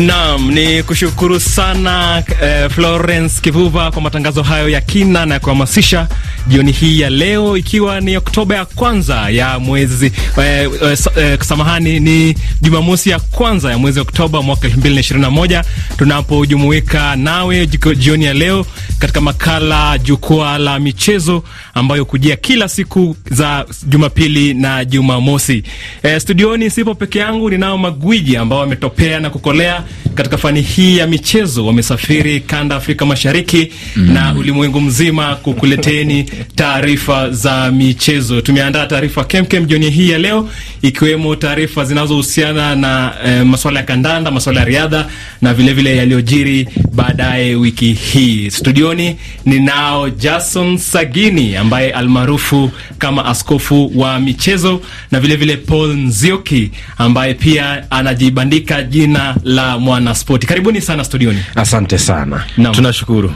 No. Naam, ni kushukuru sana eh, Florence Kivuva kwa matangazo hayo ya kina na ya kuhamasisha jioni hii ya leo, ikiwa ni Oktoba ya kwanza ya mwezi eh, eh, eh samahani, ni Jumamosi ya kwanza ya mwezi Oktoba mwaka 2021 tunapojumuika nawe jioni ya leo katika makala Jukwaa la Michezo ambayo kujia kila siku za Jumapili na Jumamosi. Eh, studioni sipo peke yangu, ninao magwiji ambao wametopea na kukolea katika katika fani hii ya michezo wamesafiri kanda Afrika Mashariki mm, na ulimwengu mzima kukuleteni taarifa za michezo. Tumeandaa taarifa kemkem jioni hii ya leo, ikiwemo taarifa zinazohusiana na eh, masuala ya kandanda, masuala ya riadha na vilevile yaliyojiri baadaye wiki hii. Studioni ninao Jason Sagini ambaye almaarufu kama askofu wa michezo na vilevile vile Paul Nzioki ambaye pia anajibandika jina la mwana Spoti. Karibuni sana studioni. Asante sana Naam. Tunashukuru.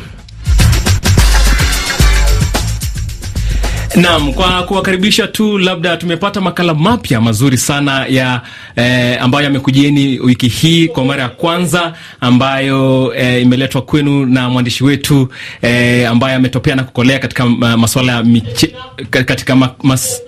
Naam, kwa kuwakaribisha tu, labda tumepata makala mapya mazuri sana ya eh, ambayo yamekujieni wiki hii kwa mara ya kwanza ambayo eh, imeletwa kwenu na mwandishi wetu eh, ambaye ametopea na kukolea katika eh, masuala ya miche, katika mas,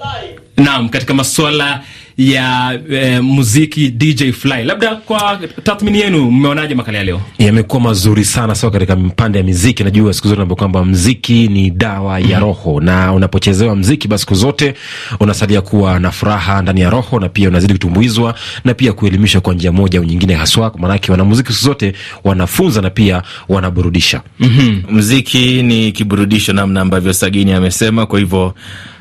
naam, katika masuala ya eh, muziki DJ Fly. Labda kwa tathmini yenu, mmeonaje makala ya leo? Yamekuwa mazuri sana sawa, katika mpande ya miziki. Najua siku zote kwamba mziki ni dawa ya mm-hmm. roho, na unapochezewa mziki, basi siku zote unasalia kuwa na furaha ndani ya roho, na pia unazidi kutumbuizwa na pia kuelimisha kwa njia moja au nyingine, haswa maanake wanamuziki siku zote wanafunza na pia wanaburudisha. mm -hmm. Mziki ni kiburudisho, namna ambavyo Sagini amesema, kwa hivyo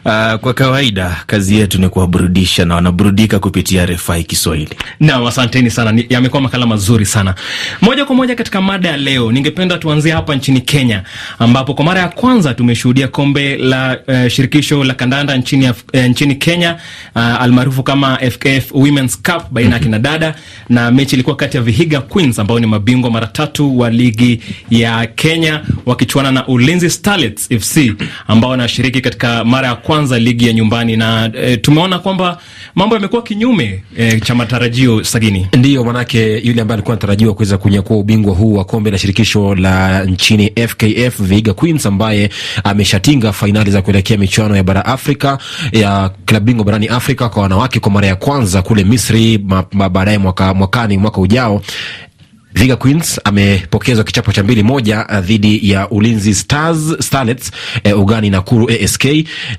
Ah, kwa kawaida kazi yetu ni kuwaburudisha na wanaburudika kupitia RFI Kiswahili. Naam, asanteni sana, yamekuwa makala mazuri sana. Moja kwa moja katika mada ya leo, ningependa tuanzie hapa nchini Kenya ambapo kwa mara ya kwanza tumeshuhudia kombe la uh, shirikisho la kandanda nchini, uh, nchini Kenya uh, almaarufu kama FKF Women's Cup baina ya mhm. kina dada, na mechi ilikuwa kati ya Vihiga Queens ambao ni mabingwa mara tatu wa ligi ya Kenya wakichuana na Ulinzi Starlets FC ambao wanashiriki katika mara ya kwanza kwanza ligi ya nyumbani na e, tumeona kwamba mambo yamekuwa kinyume e, cha matarajio sagini. Ndiyo manake yule ambaye alikuwa anatarajiwa kuweza kunyakua ubingwa huu wa kombe la shirikisho la nchini FKF Vihiga Queens, ambaye ameshatinga fainali za kuelekea michuano ya bara Afrika ya klabu bingwa barani Afrika kwa wanawake kwa mara ya kwanza kule Misri baadaye mwaka, mwakani mwaka ujao Viga Queens amepokezwa kichapo cha mbili moja eh, dhidi ya Ulinzi Stars Starlets e, eh, ugani Nakuru ASK,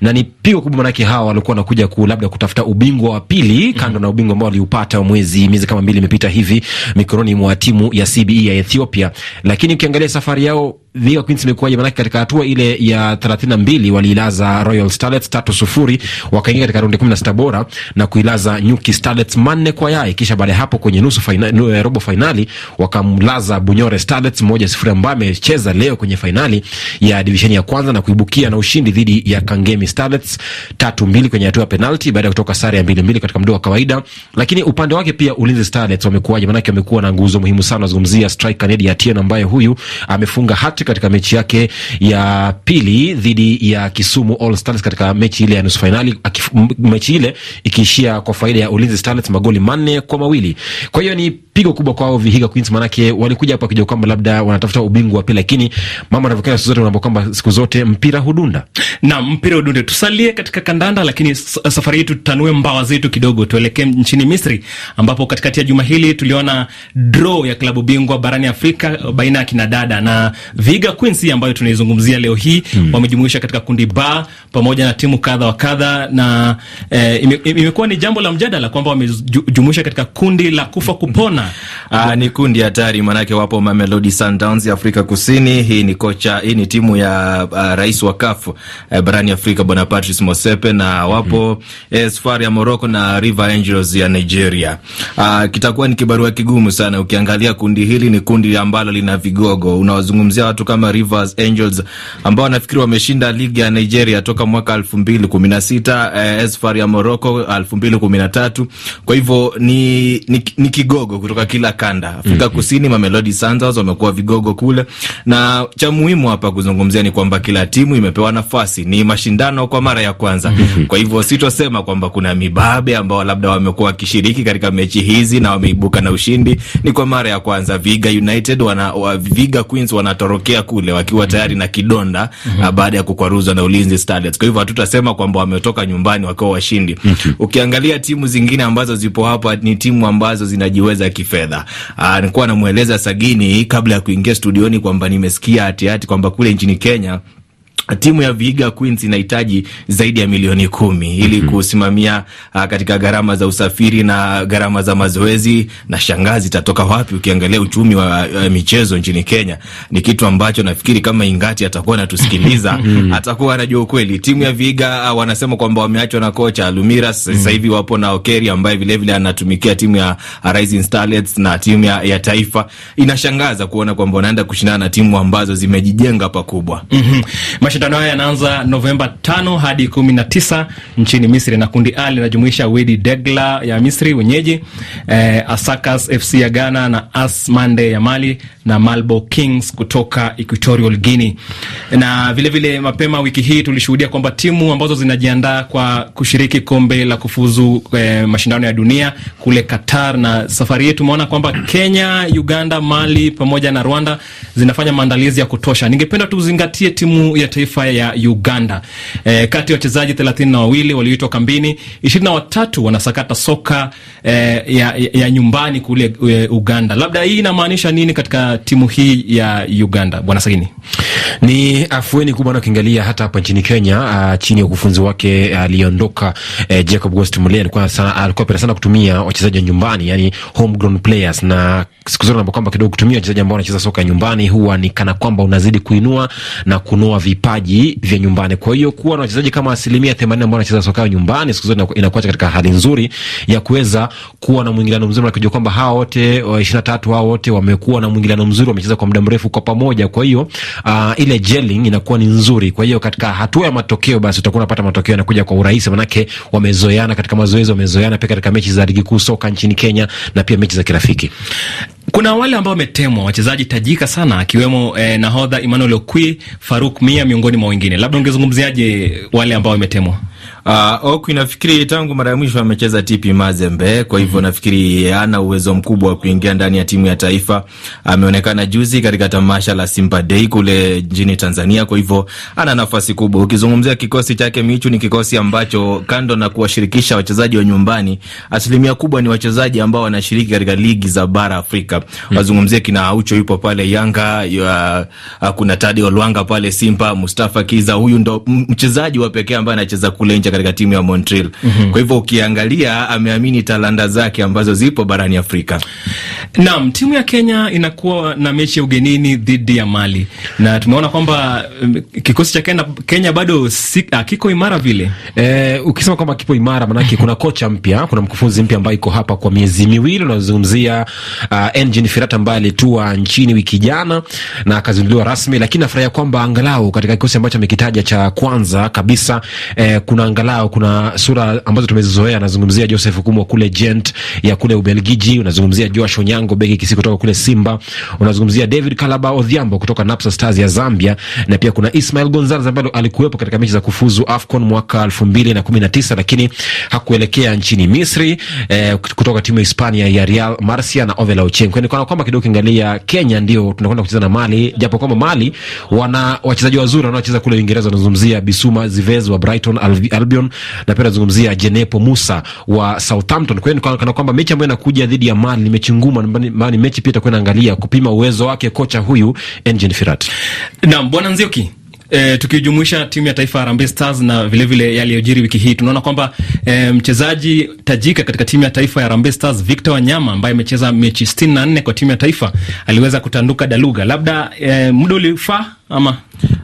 na ni pigo kubwa, manake hawa walikuwa wanakuja ku labda kutafuta ubingwa wa pili mhm. kando mm -hmm. na ubingwa ambao waliupata mwezi miezi kama mbili imepita hivi mikononi mwa timu ya CBE ya Ethiopia, lakini ukiangalia safari yao Viga Queens imekuwaje? Maanake katika hatua ile ya 32 waliilaza Royal Starlets 3-0, wakaingia katika raundi 16 bora na kuilaza Nyuki Starlets manne kwa yai. Kisha baada ya hapo kwenye nusu finali, eh, robo finali wakamlaza Bunyore Starlets 1-0, ambayo amecheza leo kwenye finali ya divisheni ya kwanza na kuibukia na ushindi dhidi ya Kangemi Starlets 3-2 kwenye hatua ya penalti baada ya kutoka sare ya 2-2 katika mdao wa kawaida. Lakini upande wake pia Ulinzi Starlets wamekuwaje? Maanake wamekuwa na nguzo muhimu sana, nazungumzia striker Nedi Atieno ambaye huyu amefunga hat katika mechi yake ya pili dhidi ya Kisumu All Stars katika mechi ile ya nusu fainali, mechi ile ikiishia kwa faida ya Ulinzi Stars magoli manne kwa mawili. Kwa hiyo ni pigo kubwa kwao Vihiga Queens, manake walikuja hapa wakijua kwamba labda wanatafuta ubingwa pia, lakini mama anavyokana siku zote unaambia kwamba siku zote mpira hudunda. na mpira hudunde. Tusalie katika kandanda, lakini safari yetu tutanue mbawa zetu kidogo, tuelekee nchini Misri ambapo katikati ya juma hili tuliona draw ya klabu bingwa barani Afrika baina ya kinadada na Viga Queens ambayo tunaizungumzia leo hii mm. wamejumuisha katika kundi ba pamoja na timu kadha wa kadha, na eh, imekuwa ime, ni jambo la mjadala kwamba wamejumuisha katika kundi la kufa kupona. Aa, ah, ni kundi hatari, maanake wapo Mamelodi Sundowns ya Afrika Kusini. Hii ni kocha, hii ni timu ya uh, rais wa CAF uh, barani Afrika bwana Patrice Motsepe, na wapo mm -hmm. eh, Safari ya Morocco na River Angels ya Nigeria. Aa, ah, kitakuwa ni kibarua kigumu sana. Ukiangalia kundi hili, ni kundi ambalo lina vigogo, unawazungumzia watu kama Rivers Angels ambao wanafikiri wameshinda ligi ya Nigeria toka mwaka elfu mbili kumi na sita eh, Esfar ya Morocco elfu mbili kumi na tatu Kwa hivyo ni, ni, ni kigogo kutoka kila kanda Afrika mm -hmm. Kusini, Mamelodi Sundowns wamekuwa vigogo kule, na cha muhimu hapa kuzungumzia ni kwamba kila timu imepewa nafasi, ni mashindano kwa mara ya kwanza mm -hmm. Kwa hivyo sitosema kwamba kuna mibabe ambao labda wamekuwa wakishiriki katika mechi hizi na wameibuka na ushindi, ni kwa mara ya kwanza. Viga United wana, wa, Viga Queens wanatoroka walitokea kule wakiwa tayari na kidonda mhm. uh, baada ya kukwaruzwa na Ulinzi Starlets. Kwa hivyo hatutasema kwamba wametoka nyumbani wakiwa washindi. Mhm. Ukiangalia timu zingine ambazo zipo hapa ni timu ambazo zinajiweza kifedha. Uh, nilikuwa namweleza Sagini kabla ya kuingia studioni kwamba nimesikia hatihati kwamba kule nchini Kenya timu ya Vihiga Queens inahitaji zaidi ya milioni kumi ili mm -hmm. kusimamia uh, katika gharama za usafiri na gharama za mazoezi na shangazi itatoka wapi? Ukiangalia uchumi wa uh, michezo nchini Kenya ni kitu ambacho nafikiri kama Ingati atakuwa anatusikiliza mm. atakuwa anajua ukweli. Timu ya Vihiga uh, wanasema kwamba wameachwa na kocha Lumira mm -hmm. sasa hivi wapo na Okeri ambaye vilevile anatumikia timu ya ah, Rising Starlets na timu ya, ya taifa. Inashangaza kuona kwamba wanaenda kushindana na timu ambazo zimejijenga pakubwa mm -hmm. Mashindano haya yanaanza Novemba 5 hadi 19 nchini Misri, na kundi A linajumuisha Wedi Degla ya Misri wenyeji, eh, Asakas FC ya Ghana na AS Mande ya Mali na Malbo Kings kutoka Equatorial Guinea. Na vilevile vile mapema wiki hii tulishuhudia kwamba timu ambazo zinajiandaa kwa kushiriki kombe la kufuzu eh, mashindano ya dunia kule Qatar, na safari hii tumeona kwamba Kenya, Uganda, Mali pamoja na Rwanda zinafanya maandalizi ya kutosha. Ningependa tuzingatie timu ya taifa taifa ya Uganda. E, kati ya wachezaji thelathini na wawili walioitwa kambini, ishirini na watatu wanasakata soka e, ya, ya nyumbani kule e, Uganda. Labda hii inamaanisha nini katika timu hii ya Uganda, Bwana Saini? Ni afueni kubwa na ukiangalia hata hapa nchini Kenya, uh, chini ya ukufunzi wake aliondoka uh, eh, uh, Jacob Ghost Mulee alikuwa sana alikuwa penda sana kutumia wachezaji wa nyumbani, yani homegrown players, na siku zote naomba kwamba kidogo kutumia wachezaji ambao wanacheza soka nyumbani huwa ni kana kwamba unazidi kuinua na kunoa vipaji vya nyumbani. Kwa hiyo kuwa na wachezaji kama asilimia themanini ambao wanacheza soka nyumbani siku zote inakuacha katika hali nzuri ya kuweza kuwa na mwingiliano mzuri, nakijua kwamba hawa wote eh, ishirini na tatu hawa wote wamekuwa na mwingiliano mzuri, wamecheza kwa muda mrefu kwa pamoja, kwa hiyo uh, uh, ile gelling inakuwa ni nzuri. Kwa hiyo katika hatua ya matokeo, basi utakuwa unapata matokeo yanakuja kwa urahisi, manake wamezoeana katika mazoezi, wamezoeana pia katika mechi za ligi kuu soka nchini Kenya na pia mechi za kirafiki. Kuna wale ambao wametemwa wachezaji tajika sana akiwemo eh, nahodha Emmanuel Okwi, Faruk Mia miongoni mwa wengine. Labda ungezungumziaje wale ambao wametemwa? Uh, Oku inafikiri tangu mara ya mwisho amecheza TP Mazembe, kwa hivyo mm -hmm. nafikiri ana uwezo mkubwa wa kuingia ndani ya timu ya taifa. Ameonekana juzi katika tamasha la Simba Day kule nchini Tanzania, kwa hivyo ana nafasi kubwa. Ukizungumzia kikosi chake Michu, ni kikosi ambacho kando na kuwashirikisha wachezaji wa nyumbani, asilimia kubwa ni wachezaji ambao wanashiriki katika ligi za bara Afrika. mm -hmm. Wazungumzie kina Aucho yupo pale Yanga, yua, kuna Tadi Olwanga pale Simba, Mustafa Kiza, huyu ndo mchezaji wa pekee ambaye anacheza kule nje katika timu ya Montreal. Mm -hmm. Kwa hivyo ukiangalia, ameamini talanta zake ambazo zipo barani Afrika. Naam, timu ya Kenya inakuwa na mechi ya ugenini dhidi ya Mali na tumeona kwamba um, kikosi cha Kenya, Kenya bado si, ah, kiko imara vile. Eh, ukisema kwamba kipo imara manake kuna kocha mpya, kuna mkufunzi mpya ambaye iko hapa kwa miezi miwili unazungumzia uh, Engin Firat ambaye alitua nchini wiki jana na akazinduliwa rasmi, lakini nafurahia kwamba angalau katika kikosi ambacho amekitaja cha kwanza kabisa eh, kuna angalau kuna sura ambazo tumezizoea. Anazungumzia Joseph Kumwa kule Gent ya kule Ubelgiji, unazungumzia Joash Onyango beki kisi kutoka kule Simba, unazungumzia David Kalaba Odhiambo kutoka Napsa Stars ya Zambia, na pia kuna Ismail Gonzalez ambaye alikuwepo katika mechi za kufuzu AFCON mwaka 2019 lakini hakuelekea nchini Misri eh, kutoka timu ya Hispania ya Real Murcia na Ovela Ochenko. Ni kana kwamba kidogo kiangalia Kenya ndio tunakwenda kucheza na Mali, japo kwamba Mali wana wachezaji wazuri wanaocheza kule Uingereza, wanazungumzia Bisuma Zivez wa Brighton, Albion, na pia nazungumzia Jenepo Musa wa Southampton. Kwa hiyo kana kwamba mechi ambayo inakuja dhidi ya Man ni mechi ngumu, ni mechi pia itakuwa inaangalia kupima uwezo wake kocha huyu Engin Firat. Naam, bwana Nzioki e, tukijumuisha timu ya taifa Harambee Stars na vilevile yaliyojiri wiki hii tunaona kwamba e, mchezaji tajika katika timu ya taifa ya Harambee Stars Victor Wanyama ambaye amecheza mechi 64 kwa timu ya taifa aliweza kutanduka daluga. Labda e, muda ulifaa ama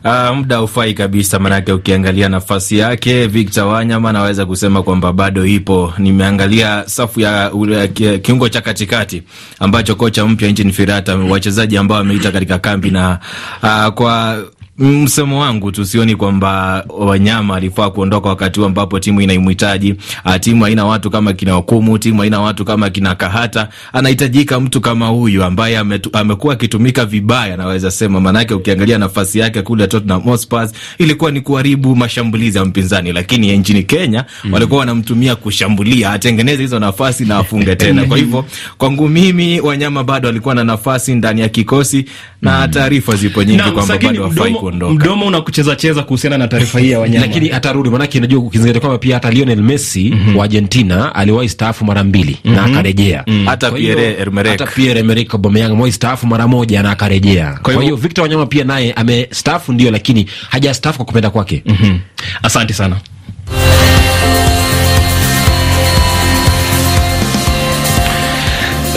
Uh, muda ufai kabisa, manake ukiangalia nafasi yake Victor Wanyama naweza kusema kwamba bado ipo. Nimeangalia safu ya ule, kiungo cha katikati ambacho kocha mpya nchini Firata wachezaji ambao ameita katika kambi na uh, kwa Mm, msemo wangu tu, sioni kwamba Wanyama alifaa kuondoka wakati huu ambapo timu inaimhitaji. Ah, timu haina watu kama kina Okumu, timu haina watu kama kina Kahata. Anahitajika mtu kama huyu ambaye amekuwa akitumika vibaya, naweza sema, maanake ukiangalia nafasi yake kule Tottenham Hotspur ilikuwa ni kuharibu mashambulizi ya mpinzani, lakini ya nchini Kenya mm, walikuwa wanamtumia kushambulia, atengeneze hizo nafasi na afunge tena. Kwa hivyo kwangu mimi Wanyama bado alikuwa na nafasi ndani ya kikosi na mm. taarifa zipo nyingi kwamba bado hafai kuondoka. Mdomo unakucheza cheza kuhusiana na taarifa hii ya wanyama, lakini atarudi, maanake unajua, ukizingatia kwamba pia hata Lionel Messi mhm. wa Argentina aliwahi staafu mara mbili na mhm. akarejea mm -hmm. hata Pierre Emerick hata Pierre Emerick Aubameyang amewahi staafu mara moja na akarejea. Kwa hiyo Victor Wanyama pia naye amestaafu, ndio, lakini hajastaafu kwa kupenda kwake. Mhm. Asante sana.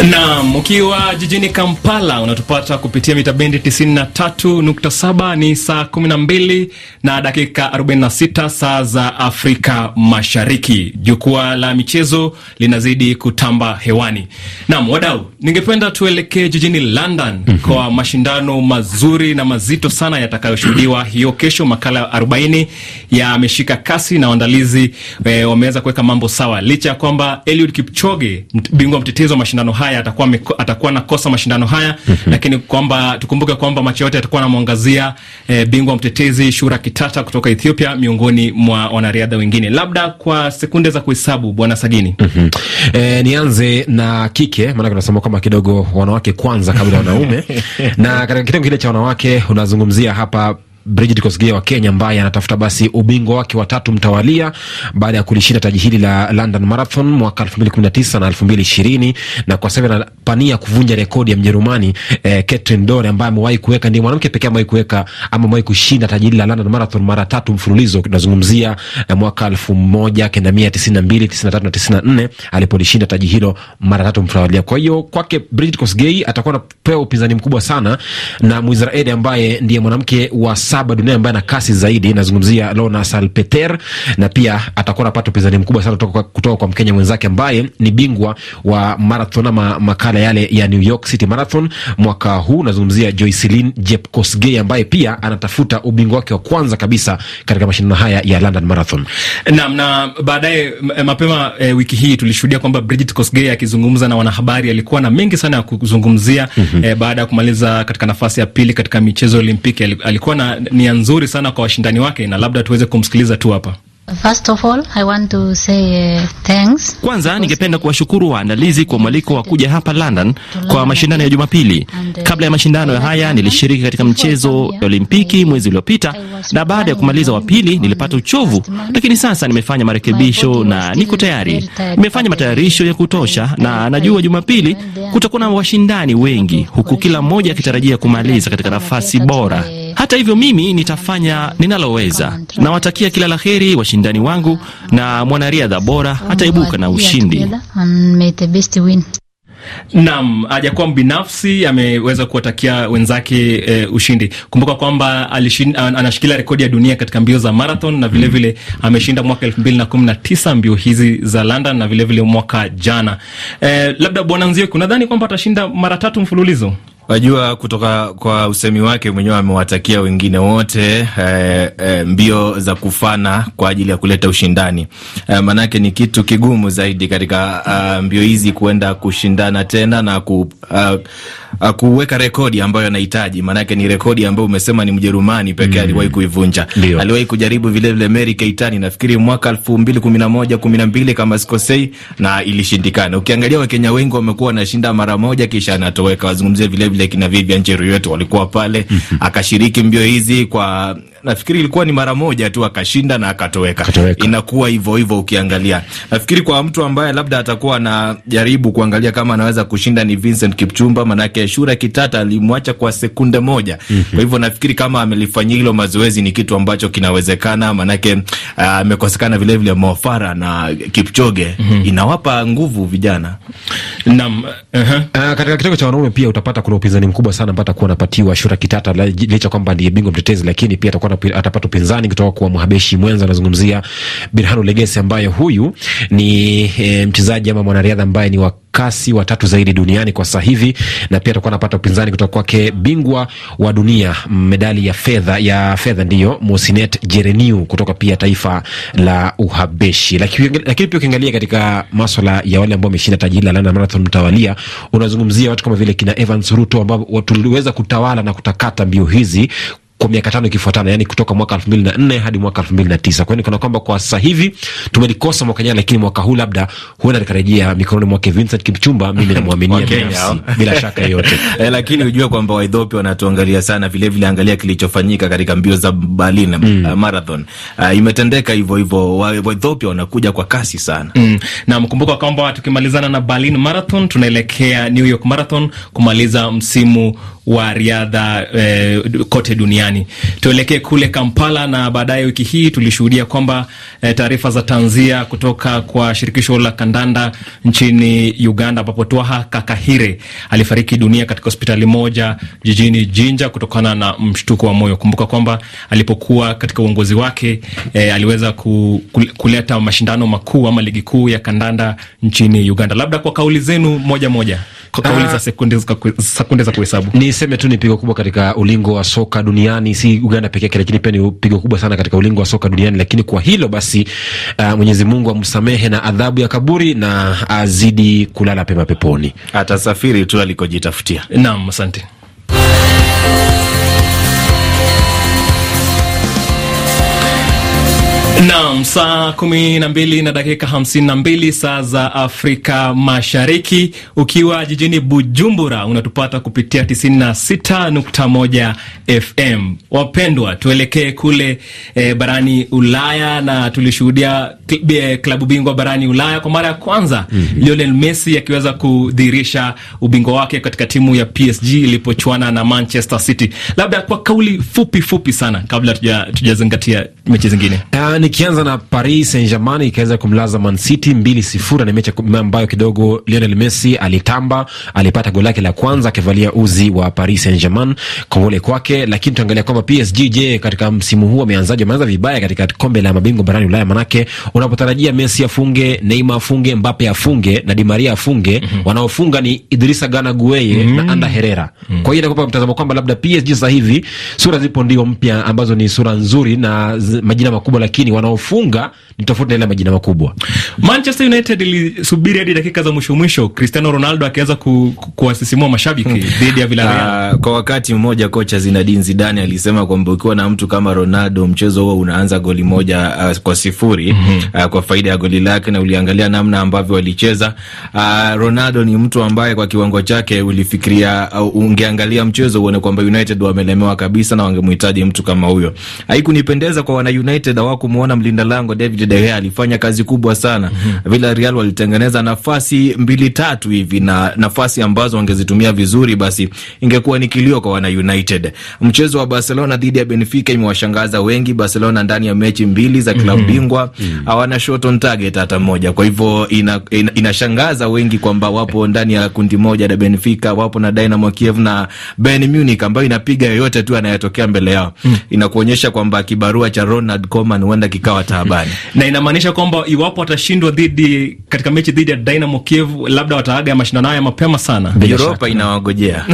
Naam, ukiwa jijini Kampala unatupata kupitia mita bendi 93.7. Ni saa 12 na dakika 46 saa za Afrika Mashariki. Jukwaa la michezo linazidi kutamba hewani. Naam, wadau, ningependa tuelekee jijini London mm -hmm. kwa mashindano mazuri na mazito sana yatakayoshuhudiwa mhm. hiyo kesho. Makala 40 yameshika kasi na waandalizi eh, wameweza kuweka mambo sawa licha ya kwamba Eliud Kipchoge, bingwa mtetezi wa mashindano haya haya atakuwa atakuwa nakosa mashindano haya mm -hmm. Lakini kwamba tukumbuke kwamba macho yote yatakuwa namwangazia eh, bingwa mtetezi Shura Kitata kutoka Ethiopia miongoni mwa wanariadha wengine. Labda kwa sekunde za kuhesabu, bwana Sagini. mm -hmm. Eh, nianze na kike, maanake unasema kwamba kidogo wanawake kwanza kabla wanaume na katika kitengo kile cha wanawake unazungumzia hapa Bridget Kosgei wa Kenya ambaye anatafuta basi ubingwa wake wa tatu mtawalia baada ya kulishinda taji hili la London Marathon mwaka 2019 na 2020, na kwa sasa anapania kuvunja rekodi ya Mjerumani eh, Katrin Dore ambaye amewahi kuweka, ndiye mwanamke pekee ambaye kuweka ama amewahi kushinda taji hili la London Marathon mara tatu mfululizo. Tunazungumzia eh, mwaka 1992, 93 na 94 alipolishinda taji hilo mara tatu mtawalia. Kwa hiyo kwake Bridget Kosgei atakuwa anapewa upinzani mkubwa sana na Mwisraeli ambaye ndiye mwanamke wa saba duniani ambaye ana kasi zaidi, nazungumzia Lona Salpeter, na pia atakuwa anapata upinzani mkubwa sana kutoka, kutoka kwa Mkenya mwenzake ambaye ni bingwa wa marathon ama makala yale ya New York City Marathon mwaka huu, nazungumzia Joycelyn Jepkosgei ambaye pia anatafuta ubingwa wake wa kwanza kabisa katika mashindano haya ya London Marathon. Naam, na baadaye eh, mapema e, wiki hii tulishuhudia kwamba Bridget Kosgei akizungumza na wanahabari alikuwa na mengi sana ya kuzungumzia mm -hmm. E, baada ya kumaliza katika nafasi ya pili katika michezo ya Olimpiki alikuwa na nia nzuri sana kwa washindani wake, na labda tuweze kumsikiliza tu hapa. First of all, I want to say, uh, thanks. Kwanza ningependa kuwashukuru waandalizi kwa mwaliko wa kuja hapa London kwa mashindano ya Jumapili. Uh, Kabla ya mashindano haya nilishiriki katika mchezo ya Olimpiki mwezi uliopita, na baada ya kumaliza wa pili nilipata uchovu, lakini sasa nimefanya marekebisho na niko tayari. Nimefanya matayarisho ya kutosha na najua Jumapili uh, kutakuwa na washindani wengi, huku kila mmoja akitarajia kumaliza katika nafasi bora. Hata hivyo, mimi nitafanya ninaloweza. Nawatakia kila laheri washindani mshindani wangu na mwanariadha bora ataibuka na ushindi. Naam, hajakuwa mbinafsi, ameweza kuwatakia wenzake e, ushindi. Kumbuka kwamba anashikilia rekodi ya dunia katika mbio za marathon na vilevile vile, ameshinda mwaka elfu mbili na kumi na tisa mbio hizi za London na vilevile vile mwaka jana. E, labda Bwana Nzioki, unadhani kwamba atashinda mara tatu mfululizo? Wajua, kutoka kwa usemi wake mwenyewe amewatakia wengine wote eh, eh, mbio za kufana kwa ajili ya kuleta ushindani eh, maanake ni kitu kigumu zaidi katika uh, mbio hizi kuenda kushindana tena na ku, uh, uh, kuweka rekodi ambayo anahitaji, maanake ni rekodi ambayo umesema ni Mjerumani pekee mm, aliwahi kuivunja. Aliwahi kujaribu vilevile Mary Keitany nafikiri mwaka elfu mbili kumi na moja kumi na mbili kama sikosei, na ilishindikana. Ukiangalia Wakenya wengi wamekuwa wanashinda mara moja kisha anatoweka. Wazungumzie vilevile Sedlek na Vivian Cheruiyot walikuwa pale, mhm. akashiriki mbio hizi kwa nafikiri ilikuwa ni mara moja tu akashinda na akatoweka. Inakuwa hivyo hivyo ukiangalia. Nafikiri kwa mtu ambaye labda atakuwa anajaribu kuangalia kama anaweza kushinda ni Vincent Kipchumba, manake Shura Kitata alimwacha kwa sekunde moja. Mm -hmm. Kwa hivyo nafikiri kama amelifanyia hilo mazoezi ni kitu ambacho kinawezekana, manake ah, amekosekana uh, vile vile Mo Farah na Kipchoge. Mm -hmm. Inawapa nguvu vijana. Naam. Uh -huh. Uh, katika kitengo cha wanaume pia utapata kuna upinzani mkubwa sana mpaka kuwa anapatiwa Shura Kitata licha kwamba ndiye bingwa mtetezi, lakini pia atakuwa atapata upinzani kutoka kwa mhabeshi mwenza, anazungumzia Birhanu Legesi ambaye huyu ni e, mchezaji ama mwanariadha ambaye ni wa kasi watatu zaidi duniani kwa sasa hivi, na pia atakuwa anapata upinzani kutoka kwake bingwa wa dunia medali ya fedha ya fedha ndiyo Mosinet Jereniu kutoka pia taifa la Uhabeshi. Lakini lakini pia ukiangalia katika maswala ya wale ambao wameshinda taji la London Marathon mtawalia, unazungumzia watu kama vile kina Evans Ruto ambao tuliweza kutawala na kutakata mbio hizi kwa miaka tano ikifuatana, yani kutoka mwaka elfu mbili na nne hadi mwaka elfu mbili na tisa Kwa hiyo nikaona kwamba kwa sasa hivi tumelikosa mwaka jana, lakini mwaka huu labda huenda likarejea mikononi mwake Vincent Kipchumba. Mimi namwaminia okay, binafsi bila shaka yote eh, lakini hujua kwamba Waethiopia wanatuangalia sana vilevile vile. Angalia kilichofanyika katika mbio za Berlin mm. uh, marathon uh, imetendeka hivyo hivyo. Waethiopia wanakuja kwa kasi sana mm. na mkumbuka kwamba tukimalizana na Berlin marathon tunaelekea New York marathon kumaliza msimu wa riadha eh, kote duniani duniani. Tuelekee kule Kampala, na baadaye wiki hii tulishuhudia kwamba e, taarifa za tanzia kutoka kwa shirikisho la kandanda nchini Uganda, ambapo Twaha Kakahire alifariki dunia katika hospitali moja jijini Jinja kutokana na mshtuko wa moyo. Kumbuka kwamba alipokuwa katika uongozi wake e, aliweza ku, kuleta mashindano makuu ama ligi kuu ya kandanda nchini Uganda. Labda kwa kauli zenu moja moja kauli ah. za sekunde, sekunde za kuhesabu. Niseme tu ni pigo kubwa katika ulingo wa soka duniani, si Uganda pekee yake, lakini pia ni pigo kubwa sana katika ulingo wa soka duniani. Lakini kwa hilo basi, uh, Mwenyezi Mungu amsamehe na adhabu ya kaburi na azidi kulala pema peponi, atasafiri tu alikojitafutia. Naam, asante. Naam, saa kumi na mbili na dakika hamsini na mbili saa za Afrika Mashariki. Ukiwa jijini Bujumbura unatupata kupitia 96.1 FM. Wapendwa, tuelekee kule e, barani Ulaya na tulishuhudia eh, klabu bingwa barani Ulaya kwa mara ya kwanza mm -hmm. Lionel Messi akiweza kudhihirisha ubingwa wake katika timu ya PSG ilipochuana na Manchester City. Labda kwa kauli fupi fupi sana kabla tujazingatia mechi zingine. uh, nikianza na Paris Saint Germain ikaweza kumlaza Man City mbili sifuri, na mechi ambayo kidogo Lionel Messi alitamba, alipata goli lake la kwanza akivalia uzi wa Paris Saint Germain kwa ule kwake. Lakini tuangalia kwamba PSG, je, katika msimu huu wameanzaje? Ameanza vibaya katika kombe la mabingwa barani Ulaya, manake unapotarajia Messi afunge, Neymar afunge, Mbappe afunge na Di Maria afunge, mm -hmm. wanaofunga ni Idrissa Gana Gueye mm -hmm. na mhm. Ander Herrera mm -hmm. kwa hiyo inakupa mtazamo kwamba labda PSG sasa hivi sura zipo ndio mpya ambazo ni sura nzuri na majina makubwa lakini wanaofunga nitafuta ile majina makubwa. Manchester United ilisubiri hadi dakika za mwisho mwisho Cristiano Ronaldo akianza ku, ku, kuwasisimua mashabiki hmm. dhidi ya Villarreal. Ah, kwa wakati mmoja kocha Zinedine Zidane alisema kwamba ukiwa na mtu kama Ronaldo mchezo huo unaanza goli moja uh, kwa sifuri mm -hmm. uh, kwa faida ya goli lake, na uliangalia namna ambavyo walicheza. Uh, Ronaldo ni mtu ambaye kwa kiwango chake ulifikiria uh, ungeangalia mchezo uone kwamba United wamelemewa kabisa na wangemhitaji mtu kama huyo. Haikunipendeza kwa wana United hawakumwona tunamwona mlinda lango David De Gea alifanya kazi kubwa sana mm -hmm. Villarreal walitengeneza nafasi mbili tatu hivi na nafasi ambazo wangezitumia vizuri, basi ingekuwa ni kilio kwa wana United. Mchezo wa Barcelona dhidi ya Benfica imewashangaza wengi. Barcelona ndani ya mechi mbili za klabu mhm. bingwa mm -hmm. shot on target hata moja, kwa hivyo ina, ina, inashangaza wengi kwamba wapo ndani ya kundi moja na Benfica, wapo na Dynamo Kiev na Bayern Munich ambayo inapiga yoyote tu anayetokea mbele yao mm -hmm. inakuonyesha kwamba kibarua cha Ronald Koeman huenda kikawa taabani na inamaanisha kwamba iwapo watashindwa dhidi katika mechi dhidi ya Dynamo Kiev, labda wataaga mashindano haya mapema sana. Uropa inawangojea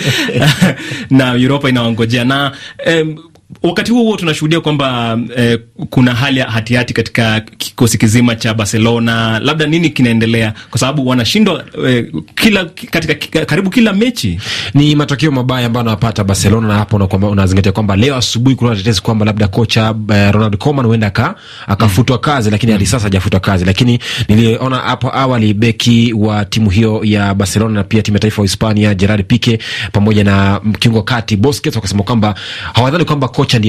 na Uropa inawangojea na um, Wakati huo huo tunashuhudia kwamba eh, kuna hali ya hatihati katika kikosi kizima cha Barcelona. Labda nini kinaendelea, kwa sababu wanashindwa eh, kila katika karibu kila mechi ni matokeo mabaya ambayo anapata Barcelona, na hapo unazingatia kwamba leo asubuhi kuna tetesi kwamba labda kocha eh, Ronald Koeman huenda akafutwa mm. kazi, lakini hadi mm. sasa hajafutwa kazi. Lakini niliona hapo awali beki wa timu hiyo ya Barcelona na pia timu ya taifa wa Hispania Gerard Pique pamoja na kiungo kati Busquets wakasema kwamba hawadhani kwamba Kocha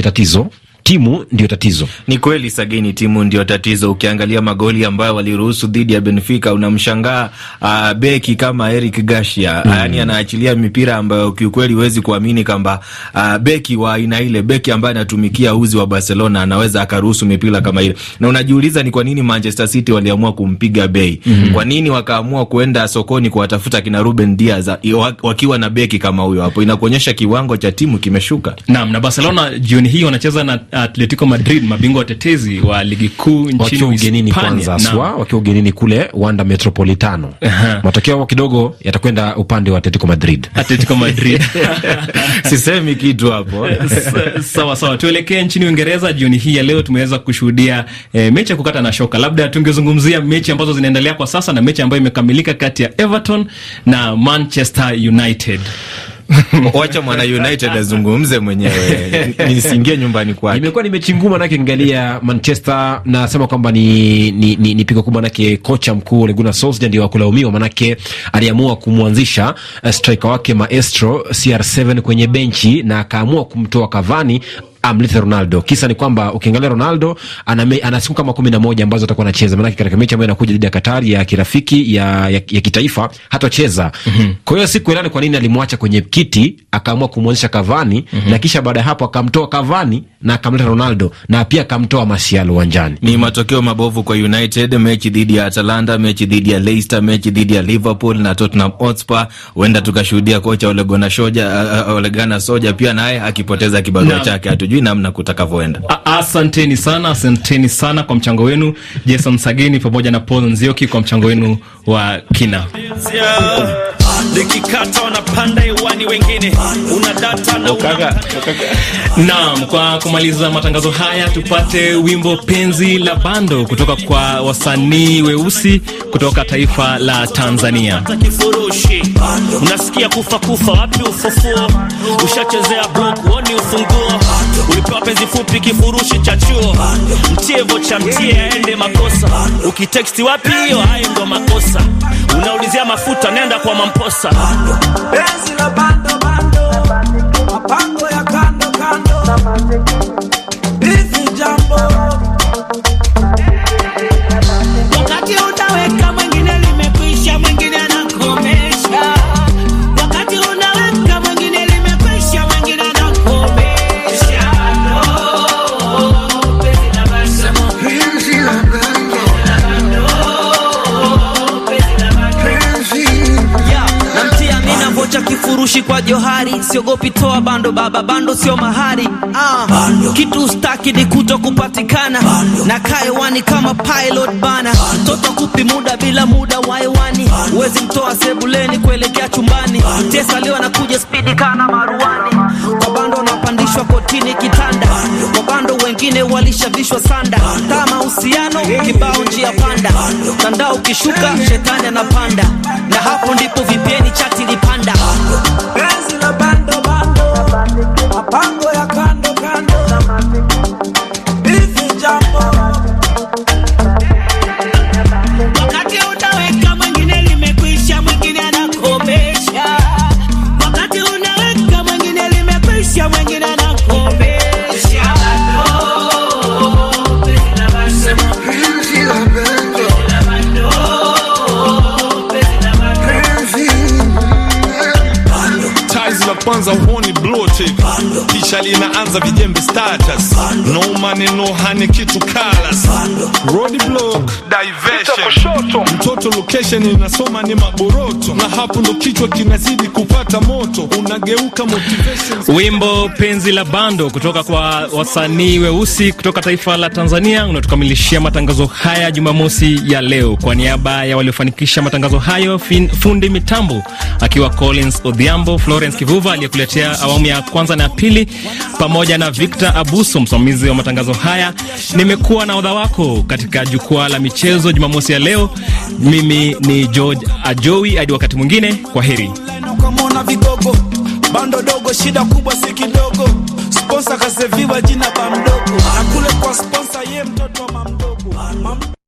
timu ndio tatizo. Ni kweli Sagini, timu ndio tatizo. Ukiangalia magoli ambayo waliruhusu dhidi ya Benfica, unamshangaa uh, beki kama Eric Garcia mm. Yani anaachilia mipira ambayo kiukweli huwezi kuamini kwamba uh, beki wa aina ile, beki ambaye anatumikia uzi wa Barcelona anaweza akaruhusu mipira kama ile, na unajiuliza ni kwa nini Manchester City waliamua kumpiga bei mm. -hmm. Kwa nini wakaamua kuenda sokoni kuwatafuta kina Ruben Diaz ah, wakiwa na beki kama huyo hapo? Inakuonyesha kiwango cha timu kimeshuka. Naam, na Barcelona jioni hii wanacheza na uh, Atletico Madrid, mabingwa watetezi wa ligi kuu nchini ugenini kwanza swa wakiwa ugenini kule Wanda Metropolitano. Matokeo kidogo yatakwenda upande wa Atletico Madrid, Atletico Madrid. Sisemi kitu hapo. Sawa sawa, tuelekee nchini Uingereza. Jioni hii ya leo tumeweza kushuhudia eh, mechi ya kukata na shoka. Labda tungezungumzia mechi ambazo zinaendelea kwa sasa na mechi ambayo imekamilika kati ya Everton na Manchester United wacha mwana United azungumze mwenyewe, nisingie nyumbani kwake. Nimekuwa nimechinguma nake ngalia Manchester, nasema kwamba ni, ni, ni, ni pigo kubwa, manake kocha mkuu Ole Gunnar Solskjaer ndio wakulaumiwa, manake aliamua kumwanzisha eh, striker wake maestro CR7 kwenye benchi na akaamua kumtoa Cavani amlithe Ronaldo. Kisa ni kwamba ukiangalia Ronaldo ana, ana siku kama kumi na moja ambazo atakuwa anacheza, maanake katika mechi ambayo inakuja dhidi ya Katari ya kirafiki ya, ya, ya kitaifa hatacheza. mm -hmm. Kwa hiyo sikuelani kwa nini alimwacha kwenye kiti akaamua kumwonyesha Kavani. mm -hmm. na kisha baada ya hapo akamtoa Kavani na akamleta Ronaldo na pia akamtoa Martial uwanjani. Ni matokeo mabovu kwa United, mechi dhidi ya Atalanta, mechi dhidi ya Leicester, mechi dhidi ya Liverpool na Tottenham Hotspur. Huenda tukashuhudia kocha Ole Gunnar Solskjaer Soja pia naye akipoteza kibarua chake, hatujui namna kutakavyoenda. Asanteni sana, asanteni sana kwa mchango wenu, Jason Sageni pamoja na Paul Nzioki kwa mchango wenu wa kina likikata wanapanda hewani wengine una data na una... Naam, kwa kumaliza matangazo haya tupate wimbo penzi la bando kutoka kwa wasanii weusi kutoka taifa la Tanzania. Unasikia kufa kufa, wapi ufufuo? Ushachezea block, woni ufunguo ulipewa penzi fupi kifurushi cha chuo mtie vocha mtie aende makosa ukiteksti wapi hiyo hayo ndo makosa unaulizia mafuta nenda kwa mamposa penzi la bando bando mapango ya kando kando siogopi toa bando baba, bando sio mahari ah. Kitu ustaki ni kuto kupatikana na kaewani kama pilot bana Toto kupi muda bila muda waewani, uwezi mtoa sebuleni kuelekea chumbani Tesa leo anakuja spidi kana maruani kwa bando, unapandishwa kotini kitanda kwa bando, wengine walishavishwa sanda kama mahusiano kibao njia panda mtandao ukishuka shetani anapanda na hapo ndipo vipeni chati lipanda za vijembe starters maneno hani kitu road block diversion, mtoto location inasoma ni maboroto, na hapo ndo kichwa kinazidi kupata moto, unageuka motivation. Wimbo penzi la bando kutoka kwa wasanii weusi kutoka taifa la Tanzania unatukamilishia matangazo haya Jumamosi ya leo. Kwa niaba ya waliofanikisha matangazo hayo, fundi mitambo akiwa Collins Odhiambo, Florence Kivuva aliyekuletea awamu ya kwanza na pili, pamoja na Victor Abuso msimamizi wa matangazo matangazo haya. Nimekuwa na odha wako katika jukwaa la michezo Jumamosi ya leo. Mimi ni George Ajowi, hadi wakati mwingine, kwa heri. Bando dogo, shida kubwa si kidogo. kaseviwa jina ba mdogo. Anakule kwa ye mtoto wa mamdogo.